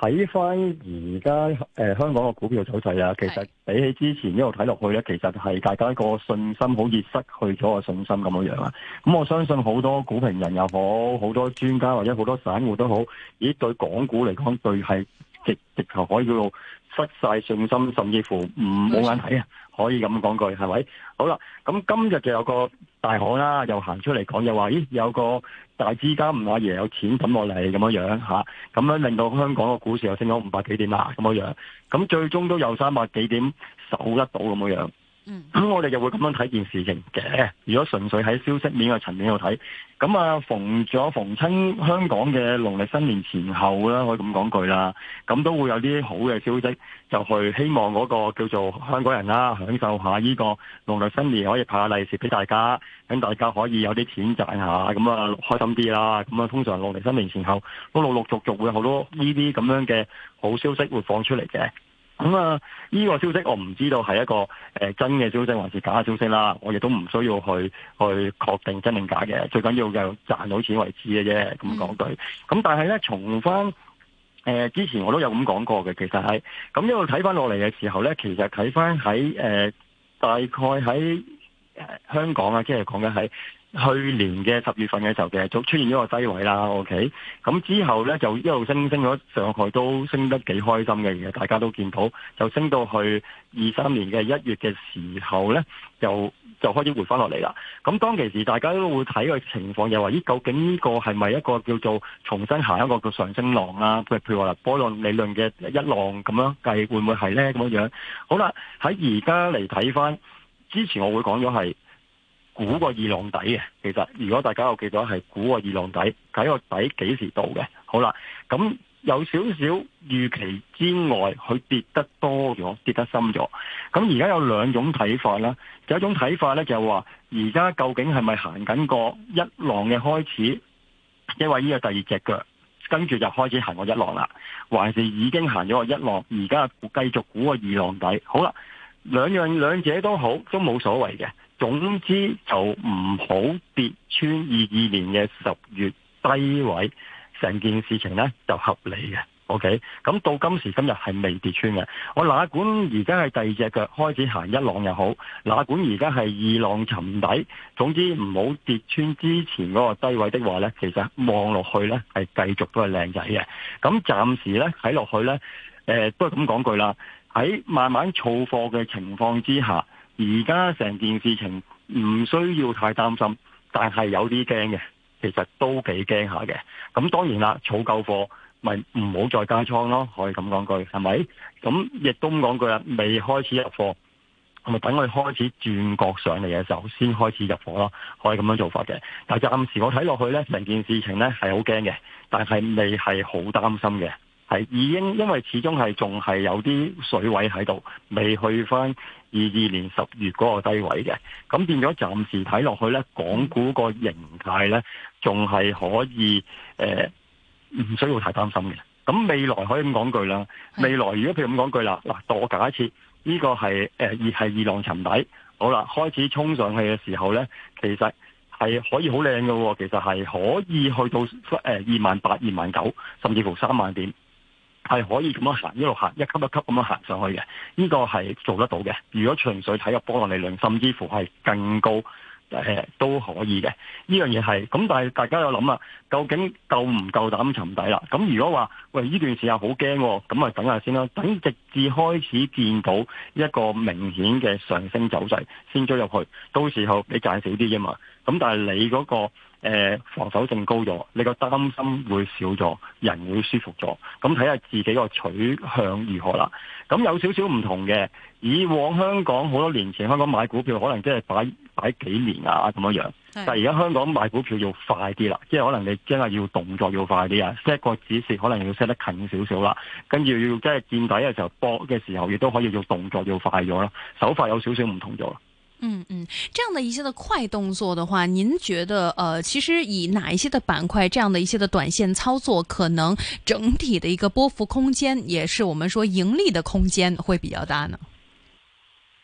睇翻而家誒香港嘅股票走勢啊，其實比起之前一路睇落去咧，其實係大家個信心好似失去咗個信心咁樣樣啦。咁我相信好多股評人又好，好多專家或者好多散戶都好，咦對港股嚟講，對係直直頭可以叫做失晒信心，甚至乎唔冇眼睇啊！可以咁講句係咪？好啦，咁今日就有個。大行啦，又行出嚟講又話，咦有個大資家金阿爺有錢抌落嚟咁樣樣吓，咁樣令到香港個股市又升咗五百幾點啦咁樣樣，咁最終都有三百幾點守得到咁樣樣。咁、嗯、我哋又會咁樣睇件事情嘅。如果純粹喺消息面嘅層面度睇，咁啊逢咗逢親香港嘅農曆新年前後啦，可以咁講句啦。咁都會有啲好嘅消息，就去、是、希望嗰個叫做香港人啦，享受下呢個農曆新年，可以派下利是俾大家，等大家可以有啲錢賺下，咁啊開心啲啦。咁啊，通常農曆新年前後都陸陸續續會有好多呢啲咁樣嘅好消息會放出嚟嘅。咁、嗯、啊！呢、這個消息我唔知道係一個、呃、真嘅消息還是假嘅消息啦，我亦都唔需要去去確定真定假嘅，最緊要就賺到錢為止嘅啫。咁講句，咁、嗯、但係呢，從翻誒之前我都有咁講過嘅，其實係咁一路睇翻落嚟嘅時候呢，其實睇翻喺誒大概喺。香港啊，即係講緊喺去年嘅十月份嘅時候，其實早出現咗個低位啦。O K，咁之後呢，就一路升升咗，上個台都升得幾開心嘅。大家都見到，就升到去二三年嘅一月嘅時候呢，就就開始回翻落嚟啦。咁當其時，大家都會睇個情況，又話咦，究竟呢個係咪一個叫做重新行一個叫上升浪啊？譬如話波浪理論嘅一浪咁樣計，會唔會係呢？咁樣？好啦，喺而家嚟睇翻。之前我會講咗係估個二浪底嘅，其實如果大家有記咗係估個二浪底，睇個底幾時到嘅。好啦，咁有少少預期之外，佢跌得多咗，跌得深咗。咁而家有兩種睇法啦，有一種睇法咧就話，而家究竟係咪行緊個一浪嘅開始，因為呢個第二隻腳跟住就開始行個一浪啦，還是已經行咗個一浪，而家繼續估個二浪底。好啦。兩樣兩者都好，都冇所謂嘅。總之就唔好跌穿二二年嘅十月低位，成件事情呢就合理嘅。OK，咁到今時今日係未跌穿嘅。我哪管而家係第二隻腳開始行一浪又好，哪管而家係二浪沉底，總之唔好跌穿之前嗰個低位的話呢，其實望落去呢係繼續都係靚仔嘅。咁暫時呢，睇落去呢。誒、呃，都不過咁講句啦。喺慢慢儲貨嘅情況之下，而家成件事情唔需要太擔心，但係有啲驚嘅，其實都幾驚下嘅。咁當然啦，儲夠貨咪唔好再加倉咯。可以咁講句係咪？咁亦都講講句啦，未開始入貨，係咪等佢開始轉角上嚟嘅時候先開始入貨咯。可以咁樣做法嘅。但暫時我睇落去呢，成件事情呢係好驚嘅，但係未係好擔心嘅。係已經，因為始終係仲係有啲水位喺度，未去翻二二年十月嗰個低位嘅。咁變咗暫時睇落去咧，港股個形態咧，仲係可以誒，唔需要太擔心嘅。咁未來可以咁講句啦，未來如果譬如咁講句啦，嗱，我假設呢個係誒二係二浪沉底，好啦，開始衝上去嘅時候咧，其實係可以好靚嘅喎，其實係可以去到誒二萬八、二萬九，甚至乎三萬點。係可以咁樣行，一路行一級一級咁樣行上去嘅，呢個係做得到嘅。如果純粹睇入波浪力量，甚至乎係更高、呃、都可以嘅。呢樣嘢係咁，但係大家有諗啊，究竟夠唔夠膽沉底啦？咁如果話喂呢段時間好驚，咁啊等下先啦，等直至開始見到一個明顯嘅上升走勢先追入去。到時候你賺少啲啫嘛。咁但係你嗰個。誒，防守性高咗，你個擔心會少咗，人會舒服咗，咁睇下自己個取向如何啦。咁有少少唔同嘅，以往香港好多年前，香港買股票可能即係擺擺幾年啊，咁樣樣，但係而家香港買股票要快啲啦，即係可能你真係要動作要快啲啊，set 個指示可能要 set 得近少少啦，跟住要即係見底嘅時候，搏嘅時候亦都可以要動作要快咗啦，手法有少少唔同咗。嗯嗯，這樣的一些的快動作的話，您覺得，呃，其實以哪一些的板塊，這樣的一些的短線操作，可能整體的一個波幅空間，也是我們說盈利的空間會比較大呢？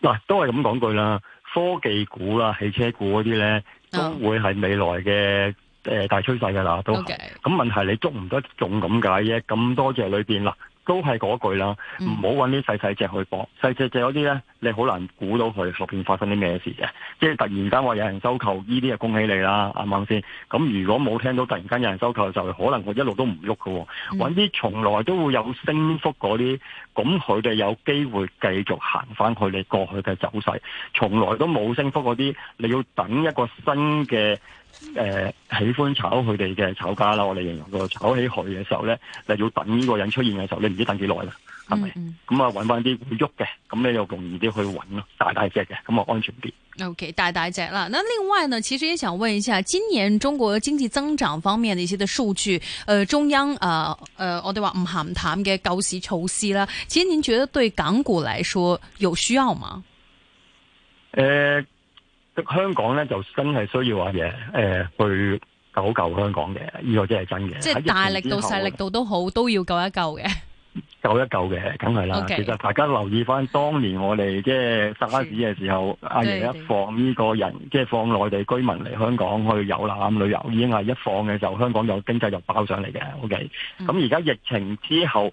嗱，都係咁講句啦，科技股啦、啊、汽車股嗰啲呢，都會係未來嘅誒、啊呃、大趨勢噶啦，都咁、okay. 問題係你捉唔得中咁解啫，咁多隻裏邊啦。都係嗰句啦，唔好揾啲細細隻去搏，細細隻嗰啲呢，你好難估到佢後邊發生啲咩事嘅。即係突然間話有人收購，呢啲就恭喜你啦，啱唔啱先？咁如果冇聽到突然間有人收購，就係、可能佢一路都唔喐㗎喎。揾啲從來都會有升幅嗰啲，咁佢哋有機會繼續行翻佢哋過去嘅走勢。從來都冇升幅嗰啲，你要等一個新嘅。誒、嗯嗯，喜歡炒佢哋嘅炒家啦，我哋形容個炒起佢嘅時候咧，你要等呢個人出現嘅時候，你唔知等幾耐啦，係、嗯、咪？咁啊，揾翻啲會喐嘅，咁你又容易啲去揾咯，大大隻嘅，咁啊安全啲。O、okay, K，大大隻啦。嗱，另外呢，其實也想問一下，今年中國經濟增長方面嘅一啲嘅數據，誒、呃，中央誒，誒、呃，我哋話唔鹹唔淡嘅救市措施啦。其實您覺得對港股嚟說有需要嗎？誒、呃。香港呢就真係需要阿爺，誒去救救香港嘅，呢個真係真嘅。即係大力度細力度都好，都要救一救嘅。救一救嘅，梗係啦。其實大家留意返當年我哋即係沙士嘅時候，阿爺一放呢個人，即係放內地居民嚟香港去遊覽旅遊，已經係一放嘅時候，香港有經濟就爆上嚟嘅。OK，咁而家疫情之後。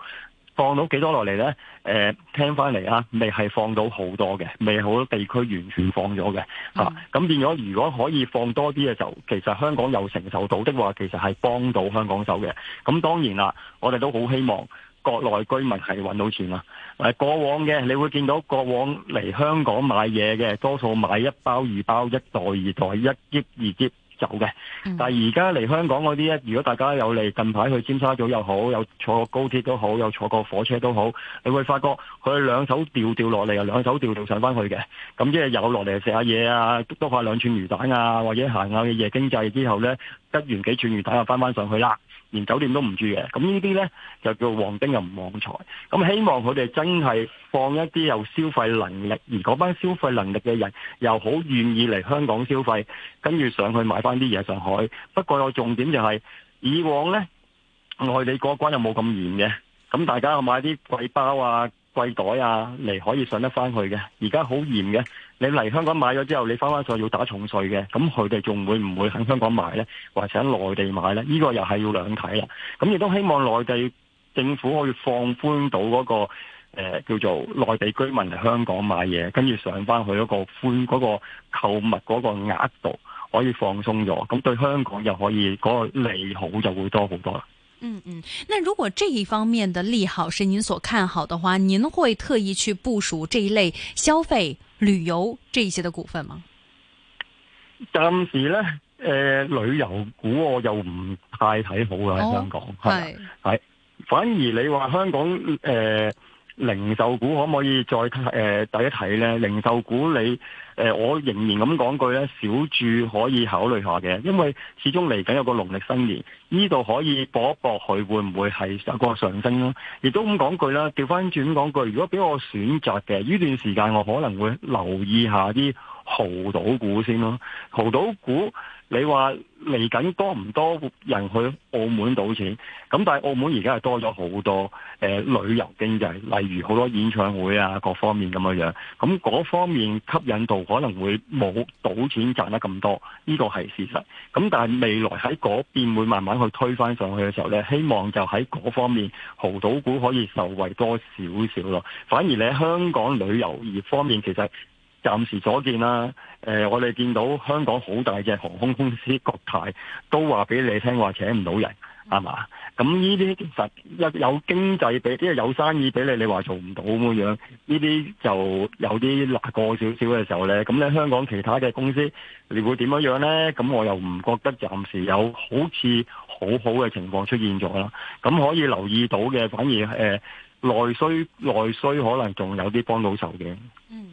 放到幾多落嚟呢？誒，聽翻嚟啦，未係放到好多嘅，未好多地區完全放咗嘅嚇。咁變咗，如果可以放多啲嘅，就其實香港有承受到的話，其實係幫到香港手嘅。咁、啊、當然啦、啊，我哋都好希望國內居民係揾到錢啦。誒、啊，過往嘅你會見到過往嚟香港買嘢嘅，多數買一包二包、一袋二袋、一億二億。有、嗯、嘅，但係而家嚟香港嗰啲，如果大家有嚟近排去尖沙咀又好，有坐過高鐵都好，有坐過火車都好，你會發覺佢兩手掉掉落嚟，兩手掉掉上翻去嘅，咁即係有落嚟食下嘢啊，篤下兩串魚蛋啊，或者行下嘅夜經濟之後咧，得完幾串魚蛋又翻翻上去啦。連酒店都唔住嘅，咁呢啲呢就叫旺丁又唔旺財。咁希望佢哋真係放一啲有消費能力，而嗰班消費能力嘅人又好願意嚟香港消費，跟住上去買翻啲嘢上海。不過我重點就係以往呢，外地過關又冇咁嚴嘅，咁大家買啲貴包啊、貴袋啊嚟可以上得翻去嘅。而家好嚴嘅。你嚟香港買咗之後，你返返上去要打重稅嘅，咁佢哋仲會唔會喺香港買呢？或者喺內地買呢？呢、這個又係要兩睇啦。咁亦都希望內地政府可以放寬到嗰、那個、呃、叫做內地居民嚟香港買嘢，跟住上翻去嗰個寬嗰個購物嗰個額度可以放鬆咗，咁對香港又可以嗰、那個利好就會多好多啦。嗯嗯，那如果這一方面的利好是您所看好的話，您會特意去部署這一類消費旅遊呢啲嘅股份嗎？暫時咧，誒、呃，旅遊股我又唔太睇好啦，喺香港係係、哦，反而你話香港誒。呃零售股可唔可以再誒睇、呃、一睇呢零售股你、呃、我仍然咁講句呢，小注可以考慮下嘅，因為始終嚟緊有個農曆新年，呢度可以搏一搏，佢會唔會係有個上升咯。亦都咁講句啦，調翻轉講講句，如果俾我選擇嘅呢段時間，我可能會留意一下啲濠賭股先咯，濠賭股。你話嚟緊多唔多人去澳門賭錢？咁但係澳門而家係多咗好多誒、呃、旅遊經濟，例如好多演唱會啊，各方面咁樣樣。咁嗰方面吸引度可能會冇賭錢賺得咁多，呢個係事實。咁但係未來喺嗰邊會慢慢去推返上去嘅時候呢，希望就喺嗰方面豪賭股可以受惠多少少咯。反而你喺香港旅遊業方面，其實暫時所見啦、呃，我哋見到香港好大嘅航空公司國泰都話俾你聽話請唔到人，係嘛？咁呢啲其實一有經濟俾，因為有生意俾你，你話做唔到咁樣，呢啲就有啲辣過少少嘅時候呢。咁你香港其他嘅公司，你會點樣呢？咁我又唔覺得暫時有好似好好嘅情況出現咗啦。咁可以留意到嘅，反而、呃、內需內需可能仲有啲幫到手嘅。嗯。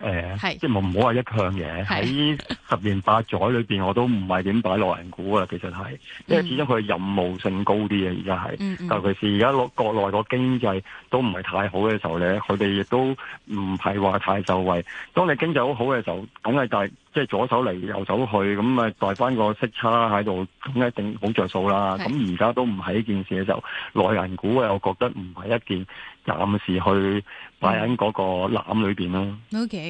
誒，即係唔好話一樣嘢喺十年八載裏邊，我都唔係點擺內銀股啊。其實係，因為始終佢任務性高啲啊。而家係，尤其是而家攞國內個經濟都唔係太好嘅時候咧，佢哋亦都唔係話太受惠。當你經濟好好嘅時候，梗係帶即係左手嚟右手去，咁啊帶翻個息差喺度，梗一定好著數啦。咁而家都唔係一件事嘅時候，就內銀股啊，我覺得唔係一件暫時去擺喺嗰個籃裏邊啦。Okay。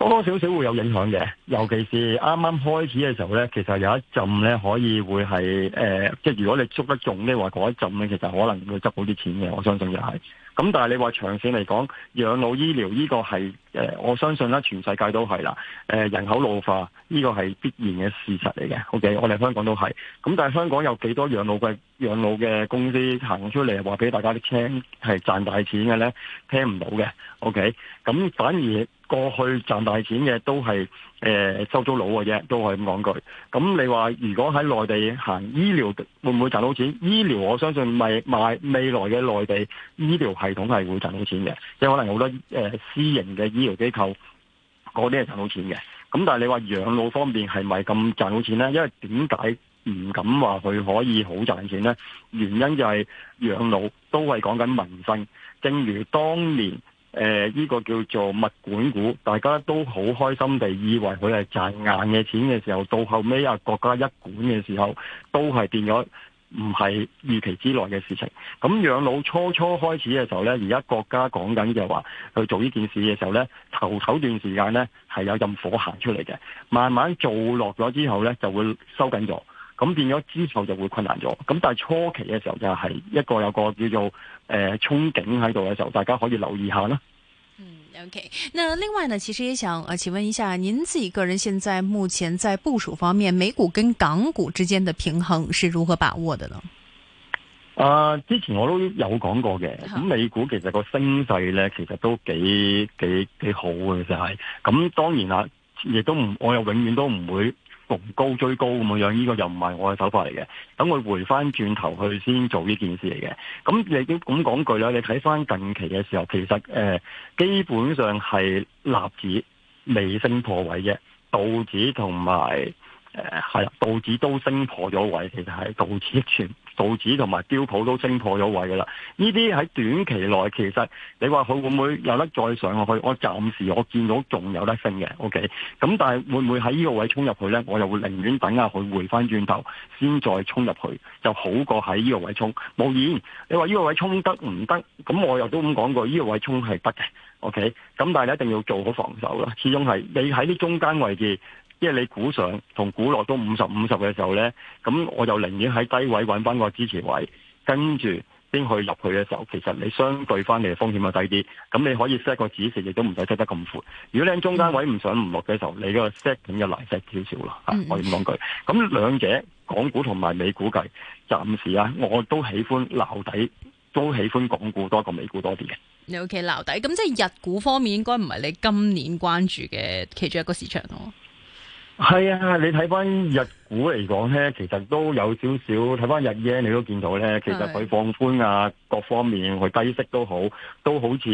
多多少少會有影響嘅，尤其是啱啱開始嘅時候呢。其實有一陣呢，可以會係誒、呃，即係如果你捉得中呢話嗰一陣呢，其實可能會執到啲錢嘅，我相信又係。咁但係你話長線嚟講，養老醫療呢個係誒、呃，我相信啦，全世界都係啦。誒、呃，人口老化呢、這個係必然嘅事實嚟嘅。OK，我哋香港都係。咁但係香港有幾多養老嘅養老嘅公司行出嚟話俾大家聽係賺大錢嘅呢？聽唔到嘅。OK，咁反而。過去賺大錢嘅都係誒、呃、收租佬嘅啫，都係咁講句。咁你話如果喺內地行醫療會唔會賺到錢？醫療我相信咪賣未來嘅內地醫療系統係會賺到錢嘅，即係可能好多、呃、私營嘅醫療機構嗰啲係賺到錢嘅。咁但係你話養老方面係咪咁賺到錢呢？因為點解唔敢話佢可以好賺錢呢？原因就係養老都係講緊民生，正如當年。誒、呃，呢、這個叫做物管股，大家都好開心地以為佢係賺硬嘅錢嘅時候，到後尾呀、啊，國家一管嘅時候，都係變咗唔係預期之內嘅事情。咁養老初初開始嘅時候呢，而家國家講緊就係話去做呢件事嘅時候呢，頭頭段時間呢係有陣火行出嚟嘅，慢慢做落咗之後呢就會收緊咗。咁變咗之後就會困難咗，咁但係初期嘅時候就係一個有一個叫做誒、呃、憧憬喺度嘅時候，大家可以留意下啦。嗯，OK。那另外呢，其實也想誒、呃，請問一下，您自己個人現在目前在部署方面，美股跟港股之間嘅平衡是如何把握的呢？啊、呃，之前我都有講過嘅，咁美股其實個升勢呢，其實都幾幾幾好嘅，就係、是、咁。當然啦，亦都唔，我又永遠都唔會。逢高追高咁樣，呢個又唔係我嘅手法嚟嘅。等我回翻轉頭去先做呢件事嚟嘅。咁你都咁講句啦，你睇翻近期嘅時候，其實誒、呃、基本上係納指未升破位嘅，道指同埋，誒係啦，道指都升破咗位，其實係道指一串，道指同埋標普都升破咗位噶啦，呢啲喺短期內，其實你話佢會唔會有得再上落去？我暫時我見到仲有得升嘅，OK。咁但係會唔會喺呢個位衝入去呢？我又會寧願等下佢回翻轉頭先再衝入去，就好過喺呢個位衝。無疑你話呢個位衝得唔得？咁我又都咁講過，呢個位衝係得嘅，OK。咁但係你一定要做好防守啦，始終係你喺呢中間位置。即係你估上同估落都五十五十嘅時候呢，咁我就寧願喺低位揾翻個支持位，跟住先去入去嘅時候，其實你相對翻你嘅風險就低啲。咁你可以 set 個指示，亦都唔使 set 得咁闊。如果你喺中間位唔上唔落嘅時候，你個 set 點就難 set 少少啦。吓、嗯，我咁講句。咁兩者港股同埋美股計，暫時啊，我都喜歡撈底，都喜歡港股多過美股多啲嘅。你 OK 撈底？咁即係日股方面，應該唔係你今年關注嘅其中一個市場咯。係啊，你睇翻日股嚟講呢，其實都有少少睇翻日夜，你都見到呢，其實佢放寬啊，各方面佢低息都好，都好似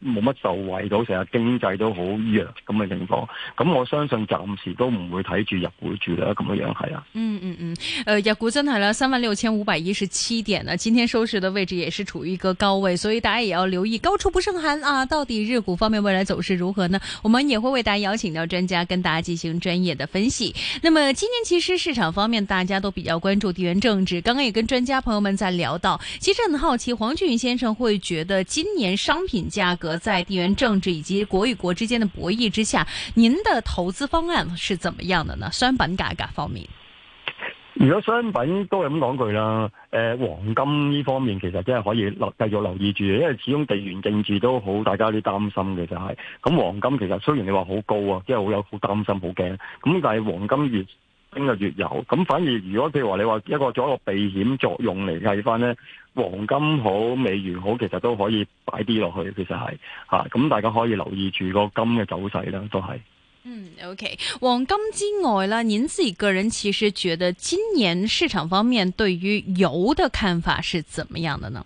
冇乜受惠到，成日經濟都好弱咁嘅情況。咁我相信暫時都唔會睇住入股住啦，咁樣樣係啊。嗯嗯嗯，誒、嗯，日、呃、股真係啦三萬六千五百一十七點啦，今天收市的位置也是處於一個高位，所以大家也要留意高處不勝寒啊！到底日股方面未來走勢如何呢？我們也會為大家邀請到專家跟大家進行專業的分析。那麼今天其實。市場方面，大家都比較關注地緣政治。剛剛也跟專家朋友們在聊到，其實很好奇，黃竣渝先生會覺得今年商品價格在地緣政治以及國與國之間的博弈之下，您的投資方案是怎麼樣的呢？商品價格方面，如果商品都係咁講句啦，誒、呃，黃金呢方面其實真係可以留繼續留意住，因為始終地緣政治都好，大家都有啲擔心嘅就係、是、咁。黃金其實雖然你話好高啊，即係好有好擔心、好驚，咁但係黃金月。今日月油咁，反而如果譬如話你話一個做一個避險作用嚟計翻呢，黃金好、美元好，其實都可以擺啲落去。其實係吓，咁、啊、大家可以留意住個金嘅走勢啦，都係。嗯，OK，黃金之外啦，您自己個人其實覺得今年市場方面對於油嘅看法是怎麼樣的呢？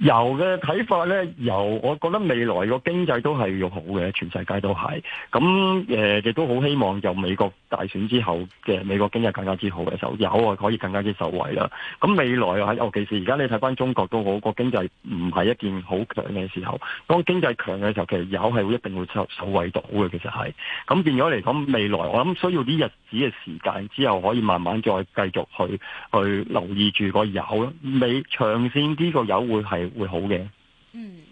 油嘅睇法呢，油，我覺得未來個經濟都係要好嘅，全世界都係。咁誒亦都好希望由美國大選之後嘅美國經濟更加之好嘅時候，油啊可以更加之受惠啦。咁未來係尤其是而家你睇翻中國都好，個經濟唔係一件好強嘅時候。當經濟強嘅時候，其實油係會一定會受受惠到嘅。其實係咁變咗嚟講，未來我諗需要啲日子嘅時間之後，可以慢慢再繼續去去留意住個油咯。未長線呢個油會係，會好嘅。嗯，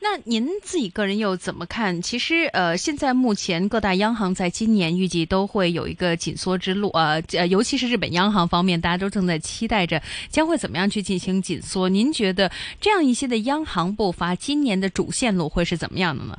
那您自己個人又怎麼看？其實，誒、呃，現在目前各大央行在今年預計都會有一個緊縮之路，啊，誒，尤其是日本央行方面，大家都正在期待着將會怎麼樣去進行緊縮。您覺得這樣一些的央行步伐今年的主線路會是怎麼樣的呢？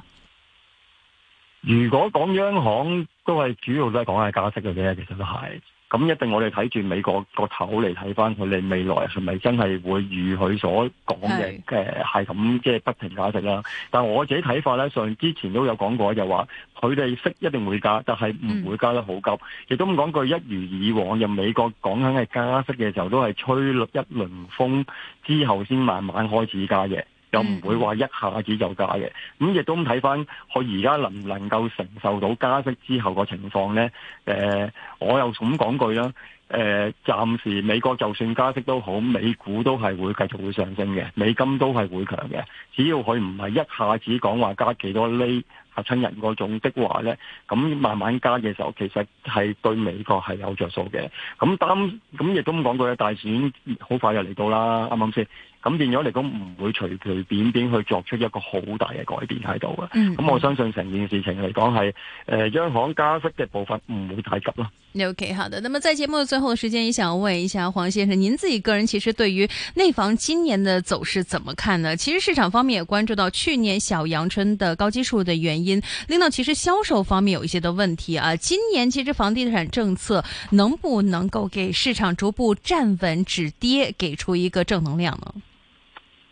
如果講央行都係主要都係講係加息嘅啫，其實都係。咁、嗯、一定我哋睇住美國個頭嚟睇翻佢哋未來係咪真係會如佢所講嘅係係咁，即係不停加息啦。但我自己睇法咧，上之前都有講過就話，佢哋息一定會加，但係唔會加得好急。亦都咁講句，一如以往，任美國講緊係加息嘅時候，都係吹一輪風之後先慢慢開始加嘅。又唔會話一下子就加嘅，咁亦都咁睇翻佢而家能唔能夠承受到加息之後個情況呢？誒、呃，我又咁講句啦，誒、呃，暫時美國就算加息都好，美股都係會繼續會上升嘅，美金都係會強嘅。只要佢唔係一下子講話加幾多厘吓親人嗰種的話呢，咁慢慢加嘅時候，其實係對美國係有着數嘅。咁擔咁亦都咁講句，大選好快就嚟到啦，啱啱先？咁變咗嚟講唔會隨隨便便便去作出一個好大嘅改變喺度嘅，咁、嗯嗯、我相信成件事情嚟講係誒央行加息嘅部分，唔會太急咯。OK，好的。那麼在節目的最後的時間，也想問一下黃先生，您自己個人其實對於內房今年的走勢怎麼看呢？其實市場方面也關注到去年小陽春的高基數的原因，令到其實銷售方面有一些嘅問題啊。今年其實房地產政策能不能夠給市場逐步站穩止跌，給出一個正能量呢？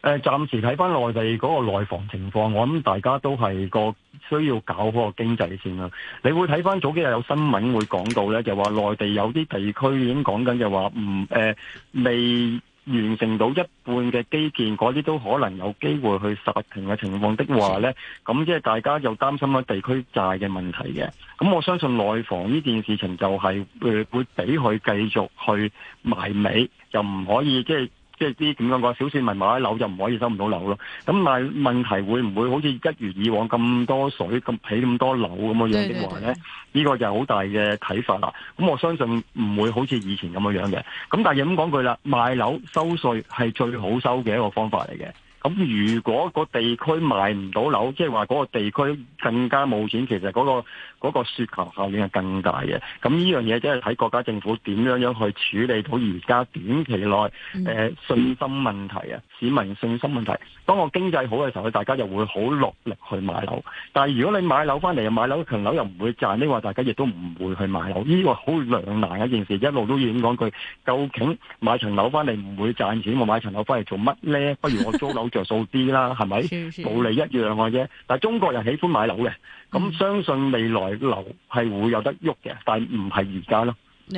誒，暫時睇翻內地嗰個內房情況，我諗大家都係個需要搞嗰個經濟先啦。你會睇翻早幾日有新聞會講到呢，就話、是、內地有啲地區已經講緊，就話唔誒未完成到一半嘅基建，嗰啲都可能有機會去殺停嘅情況的話呢，咁即係大家又擔心咗地區債嘅問題嘅。咁我相信內房呢件事情就係、是呃、會會俾佢繼續去埋尾，又唔可以即係。就是即係啲點講小市民買樓就唔可以收唔到樓咯。咁但係問題會唔會好似一如以往咁多水，咁起咁多樓咁嘅樣嘅話咧？呢個就係好大嘅睇法啦。咁我相信唔會好似以前咁嘅樣嘅。咁但係咁講句啦，賣樓收稅係最好收嘅一個方法嚟嘅。咁如果個地區賣唔到樓，即係話嗰個地區更加冇錢，其實嗰個。嗰、那個雪球效應係更大嘅，咁呢樣嘢即係睇國家政府點樣樣去處理到而家短期內誒、嗯呃、信心問題啊，市民信心問題。當我經濟好嘅時候，大家又會好落力去買樓。但如果你買樓翻嚟，買樓層樓又唔會賺，呢話大家亦都唔會去買樓。呢個好兩難嘅一件事，一路都要講句：究竟買層樓翻嚟唔會賺錢，我買層樓翻嚟做乜呢？不如我租樓着數啲啦，係 咪？道理一樣嘅、啊、啫。但中國人喜歡買樓嘅。咁、嗯、相信未來樓係會有得喐嘅，但係唔係而家咯。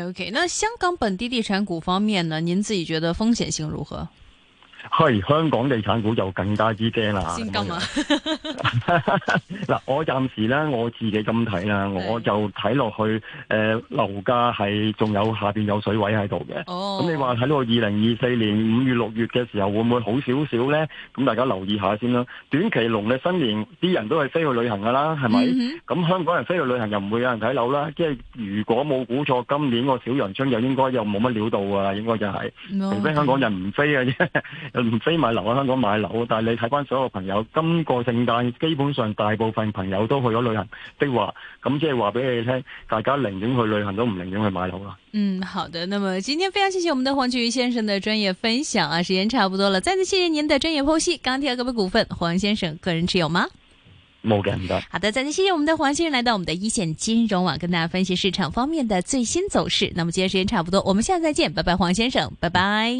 OK，那香港本地地產股方面呢？您自己覺得風險性如何？係香港地產股就更加之驚啦！啊！嗱， 我暫時咧我自己咁睇啦，我就睇落去誒、呃、樓價係仲有下面有水位喺度嘅。哦、oh.，咁你話睇到二零二四年五月六月嘅時候會唔會好少少咧？咁大家留意下先啦。短期農曆新年啲人都係飛去旅行㗎啦，係咪？咁、mm -hmm. 香港人飛去旅行又唔會有人睇樓啦。即、就、係、是、如果冇估錯，今年個小陽春又應該又冇乜料到啊！應該就係除非香港人唔飛啊啫～、mm -hmm. 唔，非買樓喺香港買樓，但係你睇翻所有朋友今個聖誕，基本上大部分朋友都去咗旅行的，話咁即係話俾你聽，大家寧願去旅行都唔寧願去買樓啦。嗯，好的，那麼今天非常謝謝我們的黃竣渝先生的專業分享啊，時間差唔多了，再次謝謝您的專業剖析。鋼鐵股份，黃先生個人持有嗎？冇嘅，唔得。好的，再次謝謝我們的黃先生來到我們的一線金融網，跟大家分析市場方面的最新走勢。那麼今天時間差不多，我們下次再見，拜拜，黃先生，拜拜。